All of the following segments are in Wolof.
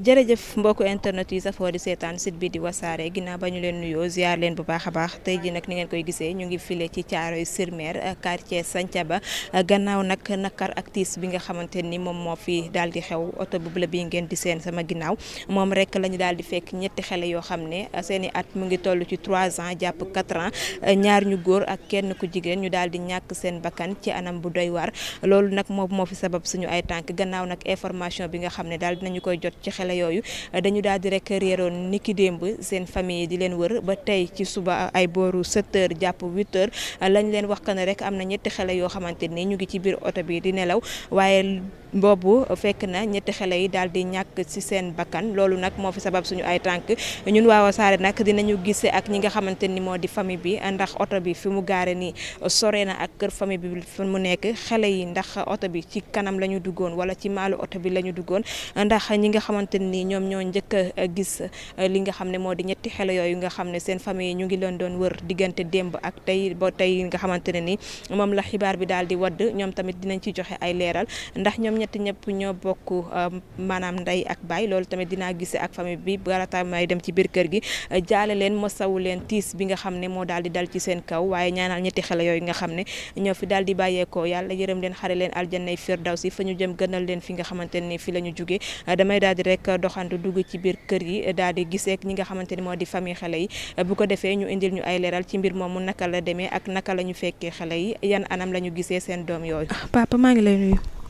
jërëjëf mbokku internet yi safoo di seetaan site bi di wasaare ginnaaw ba ñu leen nuyoo ziar leen bu baax a baax tey ji nag ni ngeen koy gisee ñu ngi file ci Thiaroye sur Mer quartier ba gannaaw nag nakar ak tiis bi nga xamante ni moom moo fi daal di xew oto bu bleu bi ngeen di seen sama ginnaaw moom rek la ñu daal di fekk ñetti xale yoo xam ne seen i at mu ngi toll ci 3 ans jàpp 4 ans ñaar ñu góor ak kenn ku jigéen ñu daal di ñàkk seen bakkan ci anam bu doy waar loolu nag moom moo fi sabab suñu ay tànk gannaaw nag information bi nga xam ne daal dinañu koy jot ci xel xale yooyu dañu daal di rek réeroon niki démb seen famille di leen wër ba tey ci suba ay boru 7 jàpp 8 heures lañ leen wax que ne rek am na ñetti xale yoo xamante ni ñu ngi ci biir oto bi di nelaw waaye boobu fekk na ñetti xale yi daal di ñàkk ci seen bakkan loolu nag moo fi sabab suñu ay tànk ñun waa saare nag dinañu gise ak ñi nga xamante ni moo di famille bi ndax bi fi mu gaare nii sore na ak kër famille bi fi mu nekk xale yi ndax oto bi ci kanam la ñu duggoon wala ci maalu oto bi la ñu duggoon ndax ñi nga xamante ni ñoom ñoo njëkk a gis li nga xam ne moo di ñetti xale yooyu nga xam ne seen yi ñu ngi loon doon wër diggante démb ak tey boo tey nga xamante ne ni moom la xibaar bi daal di wadd ñoom tamit dinañ ci joxe ay leeral ndax ñoom ñett ñëpp ñoo bokk euh, maanaam ndey ak baay loolu tamit dinaa gise ak famille bi balaa may dem ci biir kër gi jaale leen ma mosawu leen tiis bi nga xam ne moo daal di dal ci seen kaw waaye ñaanal ñetti xale yooyu nga xam ne ñoo fi daal di bàyyeekoo yàlla yërëm leen xare leen aljannay firdawsi fa ñu jëm gënal leen fi nga xamante ni fi ñu jugee damay daal di rek doxantu dugg ci biir kër gi daal di gisee ñi nga xamante ni moo di famille xale yi bu ko defee ñu indil ñu ay leeral ci mbir moomu naka la demee ak naka la ñu fekkee xale yi yan anam la ñu gisee seen doom yooyu ah,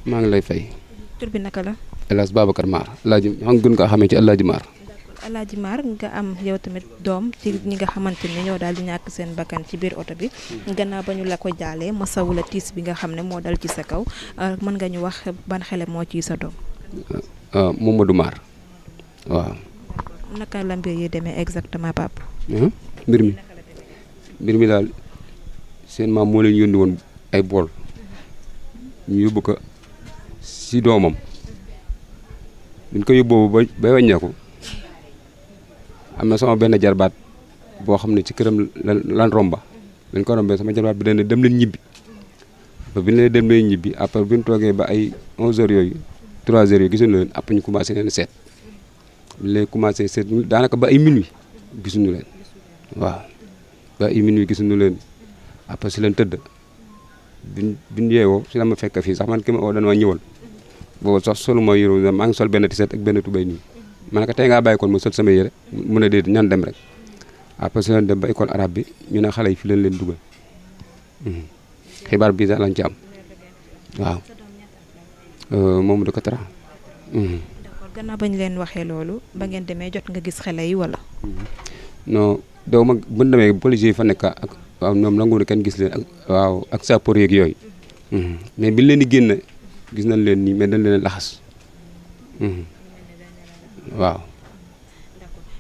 maa ngi lay fay. tur bi naka la. El Hadj Babacar Maar El Hadj xam nga gën kaa xamee ci El Hadj Maar. d'accord El Maar nga am yow tamit doom ci ñi nga xamante ne ñoo daal di ñàkk seen bakkan ci biir oto bi. Hmm. gannaaw ba ñu la ko jaalee masawu la tiis bi nga xam ne moo dal ci sa kaw euh, mën nga ñu wax ban xele moo ciy sa doom. Euh, euh, Momadou Maar waaw. naka la mbir yi demee exactement papa. mbir mi mbir mi daal seen maam moo leen yónni woon ay bool ñu yóbbu ko. si doomam biñ ko yóbboo ba ba wàññeeku am na sama benn jarbaat boo xam ne ci këram lan romba dañ ko rombee sama jarbaat bi dañ ne dem leen ñibbi bi ñu leen demee ñibbi après bi ñu toogee ba ay 11 yooyu 3 heures yooyu gisuñu leen après ñu commencé leen seet bi lay commencé seet daanaka ba ay minuit gisuñu leen waaw ba ay minuit gisuñu leen après si leen tëdd bi ñu yeewoo si la ma fekk fii sax man ki ma oo dañoo ñëwal boobu sax soluma yére maa ngi sol benn tiset ak benn tubay nii ma ne ko tey ngaa bàyyi kon ma sol sama yére mu ne déedéet ñan dem rek après su leen dem ba école arabe bi ñu ne xale yi fi leen leen dugal mhm. xibaar bi lañ ci am waaw euh, moom du ko tara d'accord gannaaw bañ leen waxee loolu ba ngeen demee jot nga gis xale yi wala mhm. non doo ma bu ñu demee yi fa nekk ak waaw ñoom nangu kenn gis leen ak waaw ak sapeurs yeeg yooyu mhm. mais bi leen di génn gis nañ leen nii mais dañ leen laxas hmm. waaw.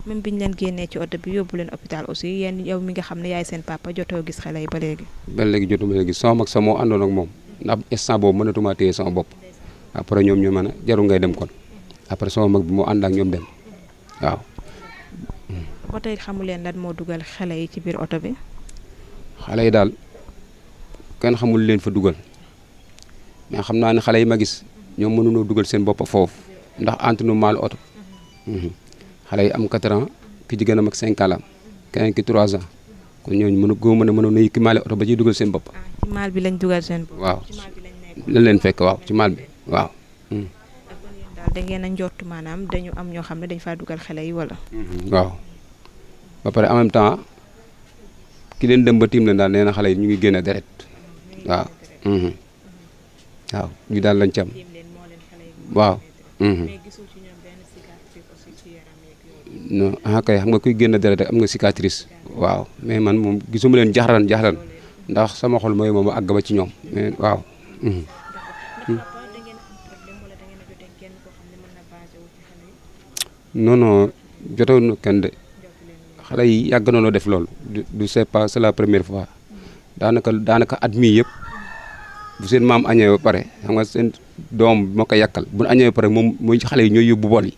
même bi ñu leen génnee ci oto bi yóbbu leen hôpital aussi yenn yow mi nga xam ne yaay seen papa jotoo gis xele yi ba léegi. ba léegi jotuma léegi sama mag sa moo àndoon ak moom ndax instant boobu mënatuma téye sama bopp après ñoom ñu mën a jaru ngay dem kon après sama mag bi moo ànd ak ñoom dem waaw. ba tey xamu leen lan moo dugal xele yi ci biir oto bi. xale yi daal kenn xamul leen fa dugal. mais xam naa ne xale yi ma gis ñoom mënunoo dugal seen bopp foofu ndax entraînement la oto mhm. xale yi am 4 ans ki ci gën a mag 5 la am keneen ki 3 ans kon ñooñu mën a góob mën a mënoon a yëkki maale oto ba ci dugal seen bopp. Ah, ci maal bi lañ dugal seen bopp. waaw lan leen fekk waaw ci maal bi waaw. Mhm. daal da maanaam dañu am ñoo xam ne dañ faa dugal xale yi wala. Mhm, waaw ba pare en même temps ki leen dem ba tiim leen daal na xale yi ñu ngi génne deret waaw. waaw ñu daal lañ ci am mhm. ah xam nga kuy génn deret am nga cicatrice. mais man moom gisuma leen jaxaran jaxaran ndax sama xol mooy moom àgg ba ci ñoom mais waaw. Mhm. non jotoon kenn de xale yi yàgg na def loolu. du c'est pas c'est la première fois mhm. daanaka daanaka at mii yëpp. bu seen maam añee ba pare xam nga seen doom moo ko yàkkal bu ñu añee ba pare moom mooy xale yi ñooy yóbbu bool yi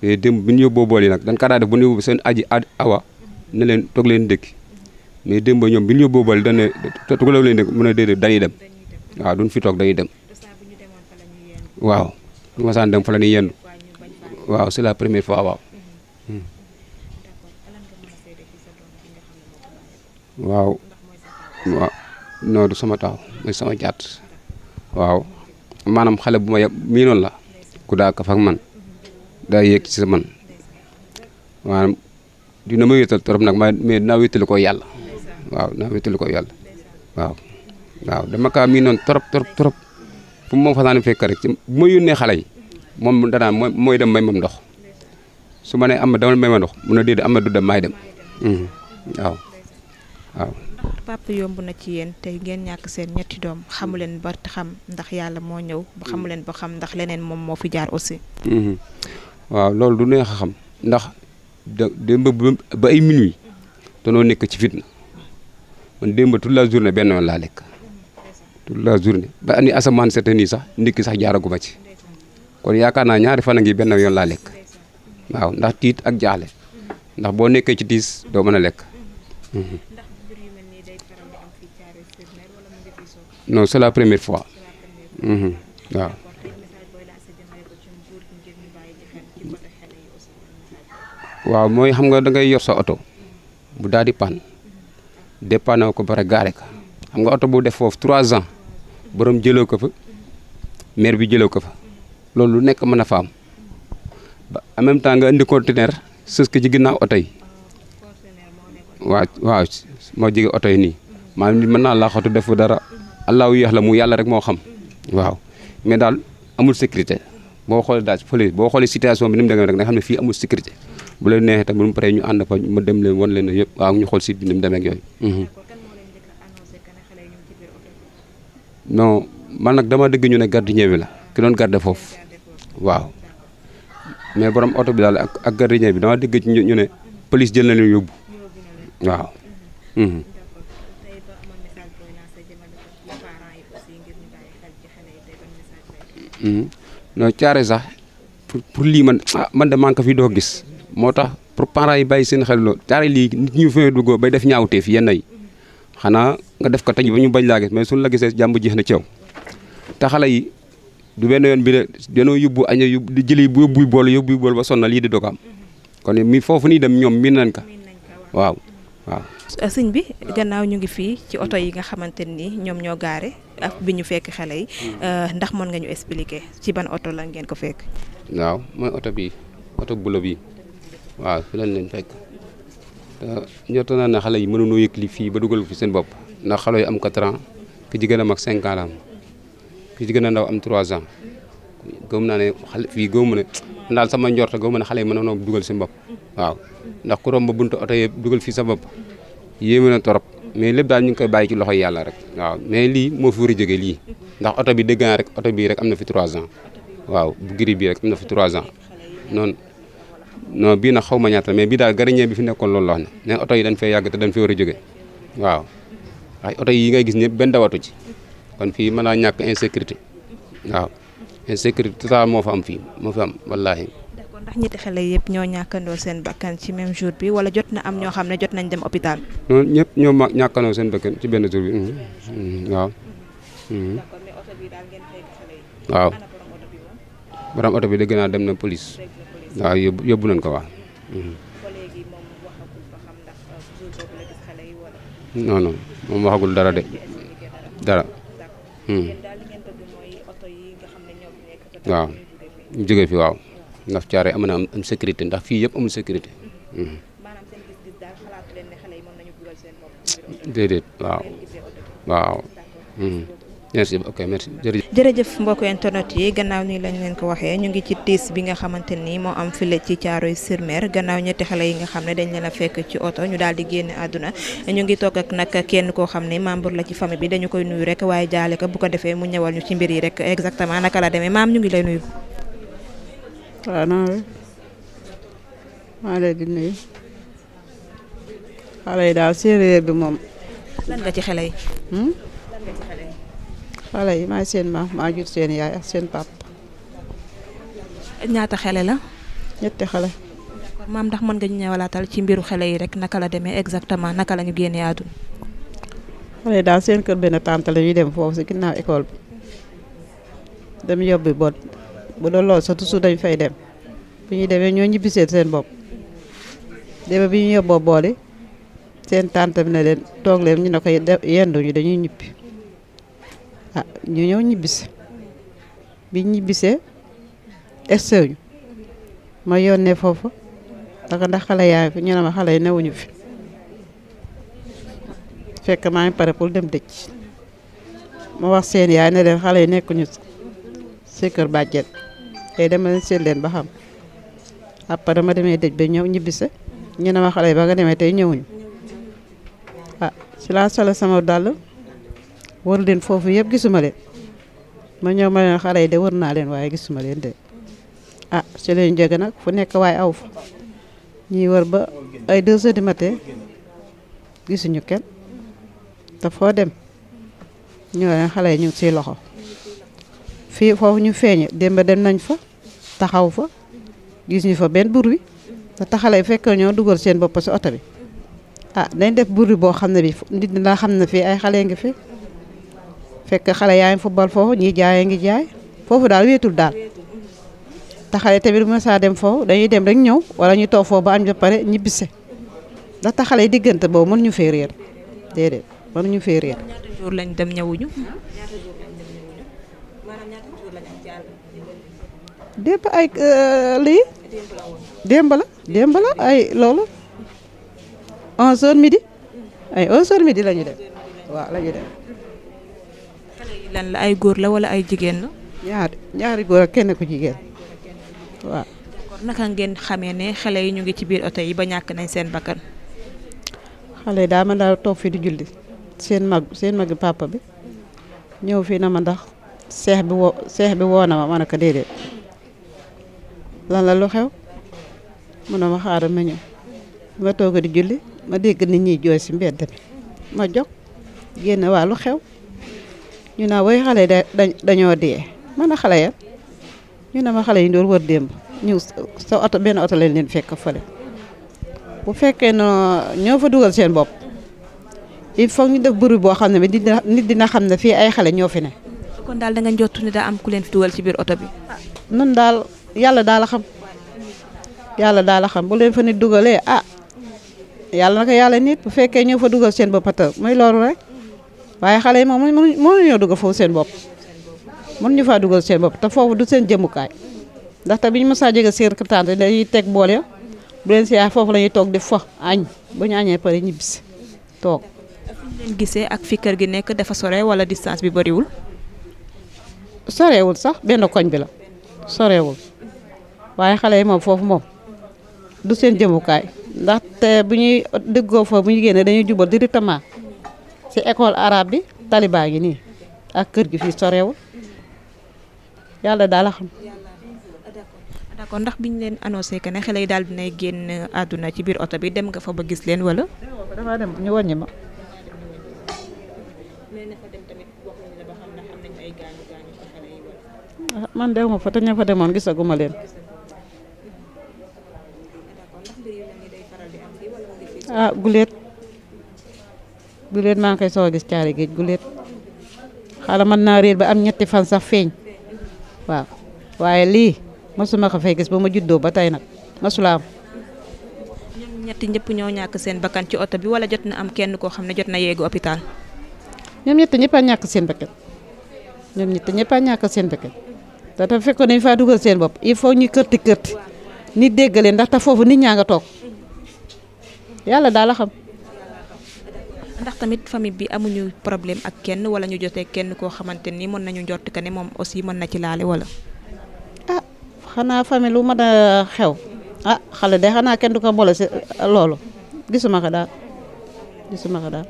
te eh, démb bi ñu yóbboo bool nag dañ kaa daa def bu ñu yóbbu seen aji ad awa ne leen toog leen dëkki mais démb ñoom bi ñu yóbboo bool yi dañ leen dëkk mu ne dañuy dem waaw duñ fi toog dañuy dem waaw du ma saan dem fa la yendu waaw c'est la première fois waaw hmm. non du sama taaw mooy sama jaat waaw maanaam xale bu ma yab miinoon la ku daa kaf man da yéeg ci sa man maanaam dina ma wéetal trop nag ma na dinaa ko yàlla waaw dinaa wéetali ko yàlla waaw waaw dama kaa miinoon trop trop trop fu moom fasaani fekk rek bu ma yónnee xale moom danaa mooy dem may mam ndox su ma nee am ma dama may ma ndox mu ne déedéet am ma du may maay dem hmm, waaw papa yomb na ci yéen tey ngeen ñàkk seen ñetti doom xamu leen ba xam ndax yàlla moo ñëw ba xamu leen ba xam ndax leneen moom moo fi jaar aussi. Mhm. waaw loolu du neex xam ndax démb ba ay minuit danoo nekk ci fitna man démb toute la journée benn yoon laa lekk toute la journée ba ani asamaan sete nii sax ndekki sax jaaraguma ci kon yaakaar naa ñaari fan a ngi benn yoon laa lekk waaw ndax tiit ak jaaxle ndax boo nekkee ci tiis doo mën a lekk. Mhm. non c'est la première fois mhm, waaw mooy xam nga dangay ngay yor sa oto bu daal di panne dépanne ko bare gaare ka xam nga oto bu def foofu trois ans boroom jëloo ko fa maire bi jëloo ko fa loolu lu nekk mën a fa am en même temps nga indi conteneur sës ko ci ginnaaw oto yi waaw waaw moo jege oto yi nii maanaam nit mën naa laaxatu defu dara allahu yaxlamu yàlla rek moo xam waaw mais daal amul sécurité boo xoolee daal ci fële boo xoolee situation bi ni mu demee rek nga xam ne fii amul sécurité bu leen neexee tam bu mu paree ñu ànd fa ma dem leen wan leen ne yëpp waaw ñu xool site bi ni mu demee ak yooyu. Mhm. non man nag dama dëgg ñu ne gardien bi la ki doon garde foofu waaw mais borom oto bi daal ak ak gardien bi dama dëgg ñu ne police jël na leen yóbbu waaw. Mhm. Hmm. non caare sax pour pour lii man ah man de man ko fi doo gis moo tax pour parent yi bàyyi seen xel loo caare lii nit ñu fee duggoo bay def ñaaw ñaawteef yenn yi xanaa nga def ko tey ba ñu bañ laa gis mais suñu la gisee jàmm jeex na ci yow te xale yi du benn yoon bi de dañoo yóbbu aña yóbbu di jëli yóbbuy bool yóbbuy bool ba sonna lii di doog am kon mi foofu nii dem ñoom miin nañ ko waaw waaw. sëñ bi gannaaw ñu ngi fii ci oto yi nga xamante ni ñoom ñoo gaare bi ñu fekk xale yi hmm. euh, ndax mën nga ñu expliquer ci ban oto la ngeen ko fekk. waaw mooy oto bi oto bulo bi waaw fi lañ leen fekk jot naa ne xale yi mënuñoo yëkkali fii ba dugal fi seen bopp ndax xale yi am 4 ans ki ci gën a mag cinq ans la am ki ci gën a ndaw am trois ans. gëm naa ne xale fii gëmuma ne daal sama njorta gëmuma ne xale yi mënoon a dugal seen bopp ndax ku romb buntu oto yëpp dugal fii sa bopp yéeme na torop mais lépp daal ñu ngi koy bàyyi ci loxoy yàlla rek waaw mais lii moo fi war lii ndax oto bi dégg rek oto bii rek am na fi 3 ans waaw bu giri bii rek am na fi trois ans noonu bii na xaw ma ñaata mais bi daal gariñee bi fi nekkoon loolu la wax ne ne oto yi dañ fay yàgg te dañ fi war a jóge waaw ay oto yi ngay gis ñëpp benn dawatu ci kon fii mën naa ñàkk insécurité waaw insécurité totale moo fa am fii moo fa am wallaahi. ndax ñetti xale yëpp ñoo ñàkkandoo seen bakkan ci même jour bi wala jot na am ñoo xam ne jot nañ dem hôpital. non ñëpp ñoo ma ñàkkandoo seen bakkan ci benn jour bi mhm, mhm, waaw. Mhm. waaw borom oto bi dégg naa dem na police waaw yóbbu yóbbu ko waaw. Euh, non moom waxagul dara de dara. waaw jóge fi waaw ndax caare am na am sécurité ndax fii yëpp amul sécurité hmm. déedéet waaw waaw hmm. merci ok merci jërëjëf. jërëjëf mbokk internet yi gannaaw nii lañ leen ko waxee ñu ngi ci tiis bi nga xamante ni moo am file ci Thiaroye sur Mer gannaaw ñetti xale yi nga xam ne dañ leen fekk ci oto ñu daal di génn àdduna ñu ngi toog ak nag kenn koo xam ne membre la ci famille bi dañu koy nuyu rek waaye jaale ko bu ko defee mu ñëwal ñu ci mbir yi rek exactement naka la demee maam ñu ngi lay nuyu. waaw naa maa xale yi daal séeréer bi moom. lan nga ci xele yi. Hmm? xale yi maay seen maam maa jur seen yaay ak seen pap ñaata xale la. ñetti xale. maam ndax mën nga ñu ñëwalaatal ci mbiru xele yi rek naka la demee exactement naka lañu ñu génnee àdduna. xale yi seen kër benn tante la dem foofu si ginnaaw école bi. dem yóbbi bot bu doon lool sa toujours dañ fay dem bu ñuy demee ñoo ñibbi seen bopp deme bi ñu yóbboo boole seen tante bi ne leen toog leen ñu ne ko yendu ñu dañuy ñibbi. ah ñu ñëw ñibbis bi ñibbisee extew ñu ma yónnee foofu daka ndax xale yaa fi ñu ne ma xale yi newuñu fi fekk maa ngi pare pour dem dëj ma wax seen yaay ne leen xale yi nekkuñu si kër bàjjen tey dama leen seet leen ba xam après dama demee dëj ba ñëw ñibbise ñu ne ma xale yi ba nga demee tey ñëwuñu ah si laa solo sama dàll wër leen foofu yëpp gisuma leen ma ñëw ma leen xale yi de wër naa leen waaye gisuma leen de ah ci leen jóge nag fu nekk waaye aw fa ñuy wër ba ay deux heures du matin gisuñu kenn te foo dem ñu leen xale yi ñu ngi loxo fii foofu ñu feeñe démb dem nañ fa taxaw fa gis ñu fa benn bruit te taxale yi fekk ñoo dugal seen bopp si oto bi ah dañ def bruit boo xam ne bi nit dina xam ne fii ay xale ngi fi fekk xale yaa ngi football foofu ñi jaay ngi jaay foofu daal wéetul daal te xale tamit bu dem foofu dañuy dem rek ñëw wala ñu toog foofu ba am ba pare ñibbise ndax te xale yi diggante boobu mënuñu fee réer déedéet mënuñu fee réer. ñaata lañ dem ñëwuñu. démb ay euh, lii. ay loolu. 11h midi. ay 11h midi la dem waaw la dem. lan la ay góor la wala ay jigéen la. ñaari góor ak kenn ku jigéen waaw. naka ngeen xamee ne xale yi ñu ngi ci biir oto yi ba ñàkk nañ seen bakkan. xale yi daa ma daal toog fii di julli seen mag seen magi pàppa bi ñëw fii na ma ndax seex bi woo seex bi woo na ma ma ne ko déedéet lan la lu xew mu ne ma xaaral ma ñëw ma toog di julli ma dégg nit ñi jooy si mbedd bi ma jóg génn waa lu xew. ñu naa way xale da dañoo dee man a xale ya ñu ne ma xale yi ñu doon démb ñu sa oto benn oto lañ leen fekk fële bu fekkee no ñëw fa dugal seen bopp il faut ñu def bëri boo xam ne bi dina nit dina xam ne fii ay xale ñoo fi ne. kon daal da nga am ku leen fi dugal biir oto bi. nun daal yàlla daal a xam yàlla daal a xam bu leen fa nit dugalee ah yàlla naka yàlla nit bu fekkee ñëw fa dugal seen bopp mooy loolu rek. waaye xale yi moom mënuñoo dugg foofu seen bopp mënuñu faa dugal seen bopp te foofu du seen jëmukaay ndaxte bi ñu mos a jege seen tante dañuy teg bool ya bu leen si yaay foofu la ñuy toog di fo añ bu ñu añee pare ñibbisi toog. leen gisee ak fi kër gi nekk dafa sore wala distance bi bariwul. sorewul sax benn koñ bi la sorewul waaye xale yi moom foofu moom du seen jëmukaay ndaxte bu ñuy déggoo foofu bu ñu génnee dañuy jubal directement si école arabe bi talibaa ngi nii ak kër gi fii sorewul yàlla daal ndax biñ leen annoncé que ne xale yi daal dinay génn àdduna ci biir oto bi dem nga fa ba gis leen wala. dafa dem ñu wàññi ma. Ah, man dew ma fa te ña fa demoon gisaguma leen. ah guleet guléet maa ngi koy soog a gis caari géej guléet xala mën naa réer ba am ñetti fan sax feeñ waaw waaye lii masuma ko fay gis ba ma juddoo ba tey nag masula am. ñetti ñëpp ñoo ñàkk seen bakkan ci oto bi wala jot na am kenn koo xam ne jot na yéegu hôpital. ñoom ñetti ñëpp a ñàkk seen bakkan ñoom ñetti ñëpp a ñàkk seen bakkan te tam fekkoon nañu faa dugal seen bopp il faut ñu kërti kërti nit déggalee ndax foofu nit ñaa nga toog yàlla daal la xam. ndax tamit famille bi amuñu problème ak kenn wala ñu jotee kenn koo xamante ni mën nañu njort que ni moom aussi mën na ci laale wala. ah xanaa famille lu ma a xew ah xale de kenn du ko boole si ah, loolu gisuma ko daal gisuma ko daal.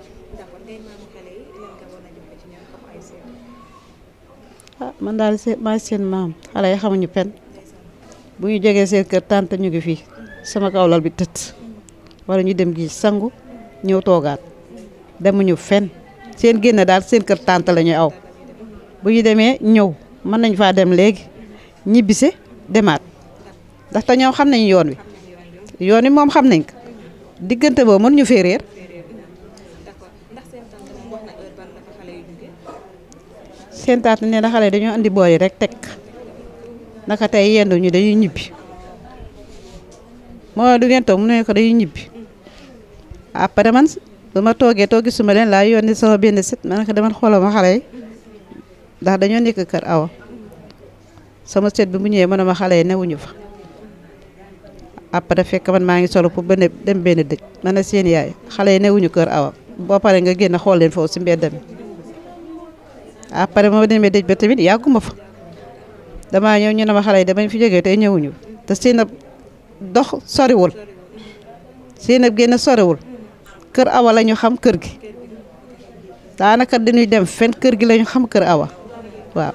ah seen maa seen maam xale yi xamuñu pen bu ñu jógee seen kër ñu ngi fii sama kaw lal bi tëdd wala ñu dem gi sangu ñëw toogaat. demuñu fenn seen génne daal seen kër tante la aw bu ñu demee ñëw mën nañ faa dem léegi ñibbise demaat ndaxte ñoom xam nañ yoon wi yoon wi moom xam nañ ko diggante boobu mën ñu fee réer seen tante nee na xale yi dañoo andi booy rek teg naka tey yendu ñu dañuy ñibbi moo du ngeen toog mu ne ko dañuy ñibbi après man ba toogee toogee too gisuma leen laa yónni sama benn sit ma ne ko demal xoolal ma xale yi ndax dañoo nekk kër awa sama set bi mu ñëwee ma ne ma xale yi newuñu fa après fekk man maa ngi solo pour benn dem benn dëj ma ne seen yaay xale yi newuñu kër awa boo pare nga génn xool leen foofu si mbedd mi pare ma demee dëj ba tamit yàgguma fa damaa ñëw ñu ne ma xale yi damañ fi jógee tey ñëwuñu te seen ab dox soriwul seen ab génn soriwul kër awa la ñu xam kër gi daanaka dañuy dem fen kër gi la ñu xam kër awa waaw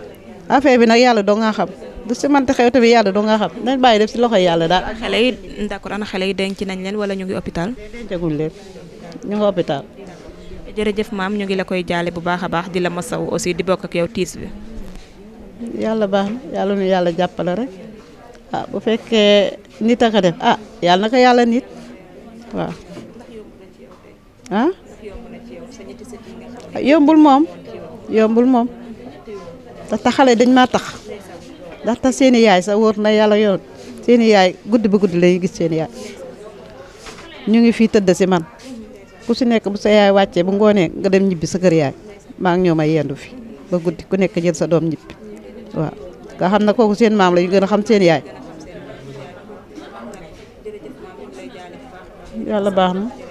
affaire bi nag yàlla doo nga xam du si mënta xew tamit yàlla doo nga xam nañ bàyyi def si loxo yàlla daal. xale yi d'accord ana xale yi denc nañ leen wala ñu ngi hôpital. dencaguñ leen ñu ngi hôpital. maam ñu ngi la koy jaale bu baax a baax di la masaw aussi di bokk ak tiis bi. yàlla baax na yàlla nu yàlla jàppale rek ah bu nit a ah yombul moom yombul moom ndaxte xale dañ maa tax ndaxte seeni yaay sa wor na yàlla yoon seeni yaay guddi ba guddi lay gis seeni yaay ñu ngi fii tëdd si man ku si nekk bu sa yaay wàccee bu ngoonee nga dem ñibbi sa kër yaay maa ngi ñoom ma yendu fi ba guddi ku nekk jël sa doom ñibbi waaw nga xam ne kooku seen maam la gën a xam seen yaay yàlla baax na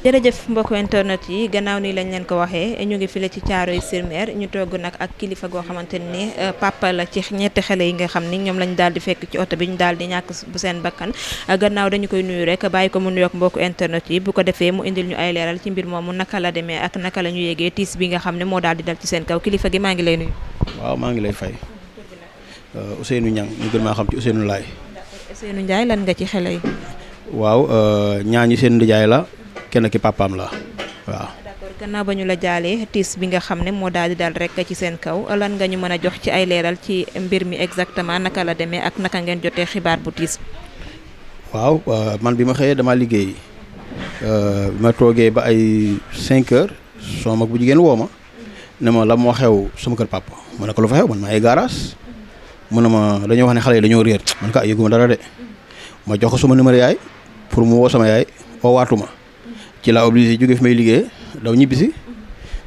jërëjëf mbokk internet yi gannaaw nii lañ leen ko waxee ñu ngi file ci caaro sur ñu togg nag ak kilifa goo xamante nii euh, papa la ci ñetti xele yi nga xam ni ñoom lañ daal di fekk ci oto bi ñu daal di ñàkk bu seen bakkan euh, gannaaw dañu koy nuyu rek bàyyi ko mu nuyoog mbokk internet yi bu ko defee mu indil ñu ay leeral ci mbir moomu naka la demee ak naka la ñu yégee tiis bi nga xam ne moo daal di dal ci seen kaw kilifa gi maa ngi lay nuyu. waaw maa ngi lay fay euh, Ousseynou Niang ñu gën maa xam ci Ousseynou Laye. Ousseynou Ndiaye lan nga ci xale yi. waaw ñaañu seen ndijaay la kenn ki papaam la waaw. d'accord gannaaw ba ñu la jaalee tiis bi nga xam ne moo daal di daal rek ci seen kaw lan nga ñu mën a jox ci ay leeral ci mbir mi exactement naka la demee ak naka ngeen jotee xibaar bu tiis. waaw euh, man bi ma xëyee dama liggéey bi euh, ma toogee ba ay 5 heures soo mag bu jigéen woo ma ne ma la moo xew sama kër papa ma na ko lu fa xew man maa ngi garage mu ne ma dañoo wax ne xale yi dañoo réer man ko ay yëguma dara de ma jox ko sama numéro ci laa obligé jóge fi may liggéey daw ñibbisi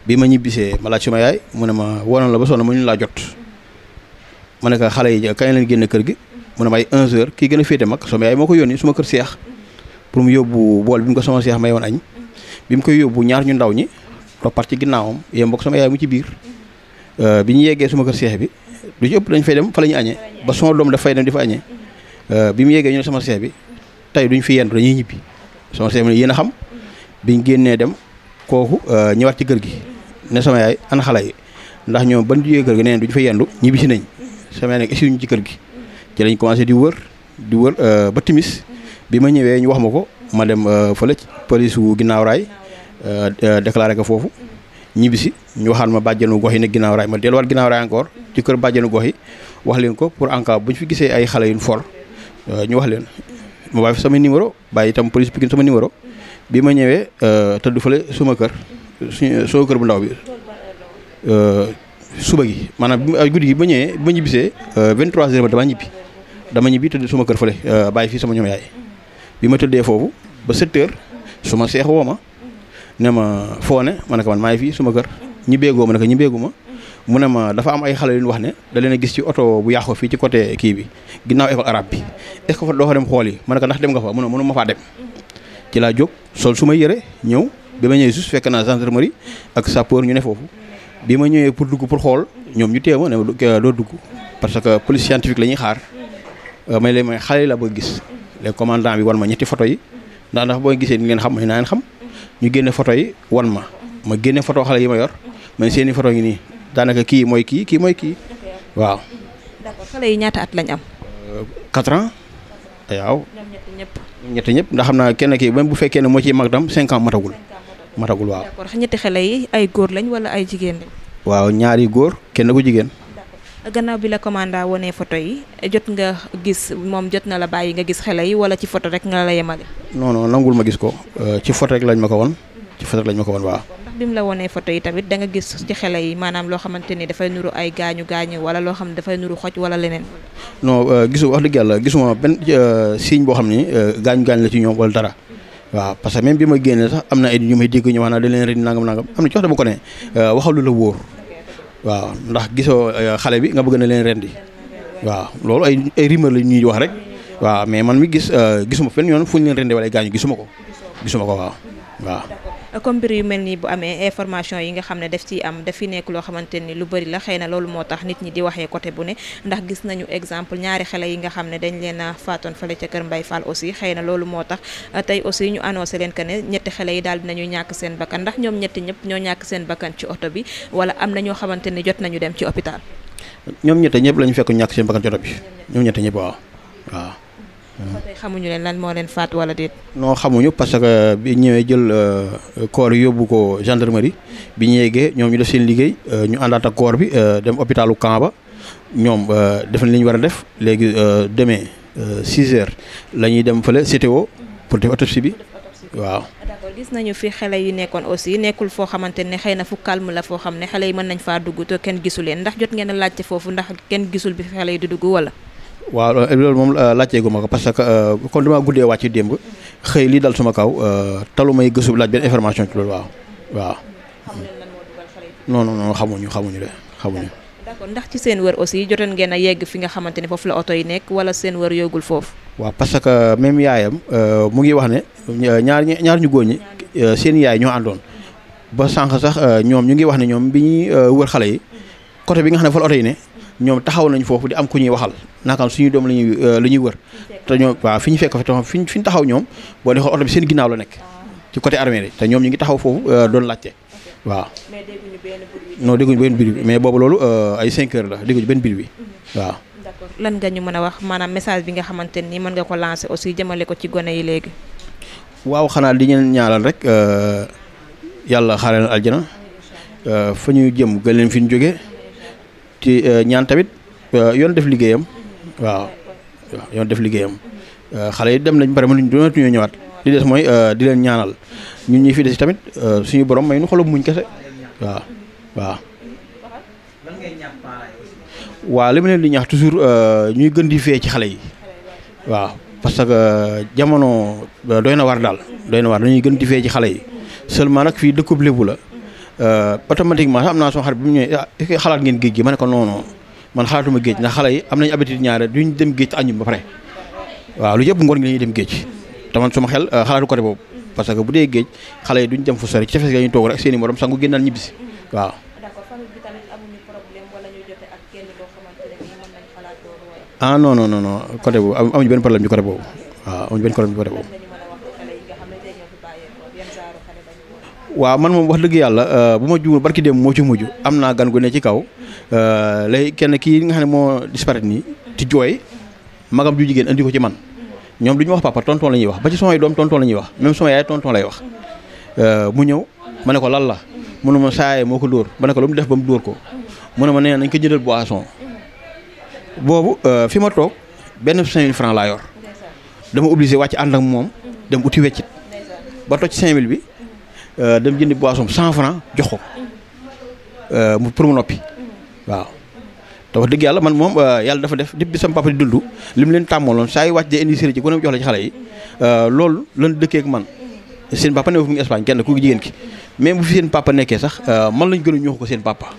bi ma ñibbisee ma laaj suma yaay mu ne ma wonoon la ba sonn mu ñu laa jot ma ne ko xale yi kañ leen génn kër gi mu ne ma ay 11h kii gën a féete mag sama yaay moo ko yónni suma kër seex pour mu yóbbu bool bi ko sama seex may woon añ bi mu koy yóbbu ñaar ñu ndaw ñi toppat ci ginnaawam yéen bokk sama yaay mu ci biir euh, bi ñu yeggee suma kër seex bi lu ci ëpp dañ fay dem fa la ñu ba sama doom daf fay dem di euh, bi mu yeggee ñu sama seex bi tey duñ fi yendu dañuy ñibbi sama seex bi ne yéen a xam biñ génnee dem kooku euh, ñëwaat ci kër gi ne sama yaay an xale yi ndax ñoom ban jugee kër gi neen ñu fa yendu ñibbisi nañ sama yaay nag essiwuñu ci kër gi ci lañ commencé di wër di wër euh, ba timis bi ma ñëwee ñu wax ma ko ma dem euh, fële ci police wu ginnaaw raay déclaré ko foofu ñibbisi ñu waxaat ma bàjjenu gox yi ne ginnaaw ma delluwaat ginnaaw raay ci kër bàjjenu gox yi wax leen ko pour en bu ñu fi gisee ay xale yu for ñu wax leen ma bàyyi fa sama numéro bàyyi itam police Pikine sama numéro bi ma ñëwee euh, tëdd fële suma kër suñu soo kër bu ndaw bi euh, suba gi maanaam guddi gi bi ma ñëwee bi ma ñibbisee 23h euh, ba damaa ñibbi dama ñibbi tëdd suma kër fële bàyyi fii sama ñoom yaay bi ma tëddee foofu ba 7h su ma seex woo ma ne ma foo ne ma ne ko man maa fii suma kër ñibbeegoo ma ne ko ñibbeegu ma mu ne ma dafa am ay xale yu ñu wax ne da leen gis ci oto bu yàqu fii ci côté kii bi ginnaaw école arabe bi est ce que fa doo fa dem xool yi ma ne ndax dem nga fa mu ne mënu ma faa dem ci laa jóg sol su ma yëre ñëw bi ma ñëwee sus fekk naa gendarmerie ak sapeur ñu ne foofu bi ma ñëwee pour dugg pour xool ñoom ñu teew ma ne ma doo dugg parce que police scientifique la ñuy xaar euh, may lay may xale la bëgg gis les commandant bi wan ma ñetti photo yi ndax ndax boo gisee ni ngeen xam may naa leen xam ñu génne foto yi wan ma ma génne foto xale yi ma yor may seen i photo yi nii daanaka kii mooy kii kii mooy kii waaw. d'accord xale yi ñaata at lañ am. 4 euh, ans. waaw ñoom ñett ñëpp ndax xam na kenn kii même bu fekkee ne moo ciy mag tam cinq ans matagul matagul waaw d'accord ñetti xale yi ay góor lañ wala ay jigéen waaw ñaari góor kenn ku jigéen gannaaw bi la commanda wonee photo yi jot nga gis moom jot na la bàyyi nga gis xale yi wala ci foto rek nga la yemale non nangul ma gis ko euh, ci photo rek lañ ma ko won won waaw bi mu la wonee photo yi tamit da nga gis ci xele yi maanaam loo xamante ni dafay nuru ay gaañu gaañu wala loo xam ne dafay nuru xoj wala leneen. no euh, gisu wax dëgg yàlla gisuma benn euh, signe boo xam ni euh, gaañu gaañ la ci ñoom wala dara waaw parce que même bi ma génnee sax am na ay ñu may dégg ñu wax naa da leen rëdd nangam am na ci ko ne waxalu la wóor waaw ndax gisoo xale bi nga bëgg na leen rendi waaw loolu ay ay rumeur la ñuy wax rek waaw mais man mi gis gisuma fenn yoon fu leen rendi wala gaañu gisuma ko gisuma ko waaw waaw comme mbir yu mel nii bu amee information yi nga xam ne daf ciy am dafi nekk loo xamante ni lu bëri la xëy na loolu moo tax nit ñi di waxee côté bu ne ndax gis nañu exemple ñaari xele yi nga xam ne dañ leen a faatoon fale ca kër Mbay Fall aussi xëy na loolu moo tax tey aussi ñu annoncé leen que ne ñetti xale yi daal dinañu ñàkk seen bakkan ndax ñoom ñetti ñëpp ñoo ñàkk seen bakkan ci oto bi wala am na ñoo xamante ni jot nañu dem ci hôpital ñoom ñette ñëpp lañu fekk ñàkk seen bakkan ci oto bi ñoom ñette ba tey xamuñu leen lan moo leen faat wala déet. non xamuñu parce que bi ñëwee jël euh, corps yóbbu ko gendarmerie bi ñu yeggee ñoom ñu def seen liggéey euh, ñu àndaat ak corps bi euh, dem hôpitalu camp ñoom def na war a def léegi demee 6 heures la ñuy dem fële CTO pour def autopsie bi. waaw ah, d'accord gis nañu fi xale yu nekkoon aussi nekkul foo xamante ne xëy na fu calme la foo xam ne xale yi mën nañ faa dugg te kenn gisu leen ndax jot ngeen a laajte foofu ndax kenn gisul bi xale yi di dugg wala. waaw loolu moom euh, laajteegu ma ko parce que euh, kon damaa guddee wàcc démb xëy lii dal suma kaw euh, talu may gëstu laaj benn information ci loolu waaw noonu non non non xamuñu xamuñu de xamuñu. ndax ci seen wër aussi jotoon ngeen a yegg fi nga xamante ne foofu la oto yi nekk wala seen wër yóogul foofu. waaw parce que même yaayam mu ngi wax ne ñaar ñaar ñu góor seen yaay ñoo àndoon ba sànq sax ñoom ñu ngi wax ne ñoom bi ñuy wër xale yi côté bi nga xam ne la oto yi ne. ñoom taxaw nañ foofu di am ku ñuy waxal nakaam suñu doom la ñuy euh, la ñuy wër te ñoom waaw fi ñu fekk fa tam fi ñu taxaw ñoom boo dee xool oto bi seen ginnaaw la nekk ah. ci côté armée te ñoom ñu ngi taxaw foofu euh, doon laajte waaw non dégguñu benn biir bi mais boobu loolu euh, ay 5 heures la dégguñu benn biir bi mhm. waaw lan nga mën a wax maanaam message bi nga xamante ni mën nga ko aussi jëmale ko ci gone yi léegi waaw xanaa di ñeen ñaaral rek yàlla xaaree na aljana fa ñu jëm gën fi ñu jógee ci euh, ñaan tamit euh, yoon def liggéeyam waaw waaw yoon def liggéeyam euh, xale yi dem nañ pare mënuñ doonatuñoo ñëwaat li des mooy di leen ñaanal ñun ñi fi des tamit suñu borom may nu xolom muñ kese waaw waaw. waaw li ma leen di ñuy gën di fee ci xale yi waaw parce que jamono doy na war daal doy na war dañuy gën di fee ci xale yi seulement nag fii dëkkub lébu la. Euh, automatiquement sax am naa soo xarit bi mu ñëwee ah, xalaat ngeen géej gi ma ne ko non non man xalaatuma géej ndax xale yi am nañu habitude ñaare duñ dem géej te añu ba pare waaw lu yëpp ngoon ngi la ñuy dem géej te man suma xel euh, xalaatu côté boobu parce que bu dee géej xale yi duñ dem fu sori ci tefes ga ñu toog rek seen i morom sangu génnal ñibbisi waaw ah non non non non côté boobu amuñu benn problème ko côté boobu waaw amuñu benn problème ci côté boobu waaw man moom wax dëgg yàlla euh, bu ma juumul barki dem moo ci mujj am naa gan gu ne ci kaw euh, lay kenn kii nga xam ne moo disparaître nii ci jooy magam ju jigéen andi ko ci man ñoom du ñu wax papa tonton la ñuy wax ba ci sama doom tonton la ñuy wax même sama yaay tonton lay wax euh, mu ñëw ma ne ko lan la mu ne ma saaye moo ko dóor ma ne ko lu mu def ba mu dóor ko mu ne ma nee nañ ko jëndal boisson boobu fi ma toog benn 5000 francs laa yor dama obligé wàcc ànd ak moom dem uti weccit ba toj 5000 bi. Euh, dem jënd boisson cent franc jox ko euh, mu pour mu noppi waaw te wax dëgg yàlla man moom euh, yàlla dafa def depuis sama papa di dund li mu leen tàmmaloon saa yu wàcc de indi sëriñ ci ku ne mu jox la ci xale yi loolu lan dëkkee man seen papa ne fu mu ngi Espagne kenn ku jigéen ki mais bu fi seen papa nekkee sax man lañ gën a ñuux ko seen papa